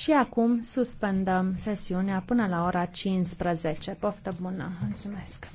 Și acum suspendăm sesiunea până la ora 15. Poftă bună! Mulțumesc!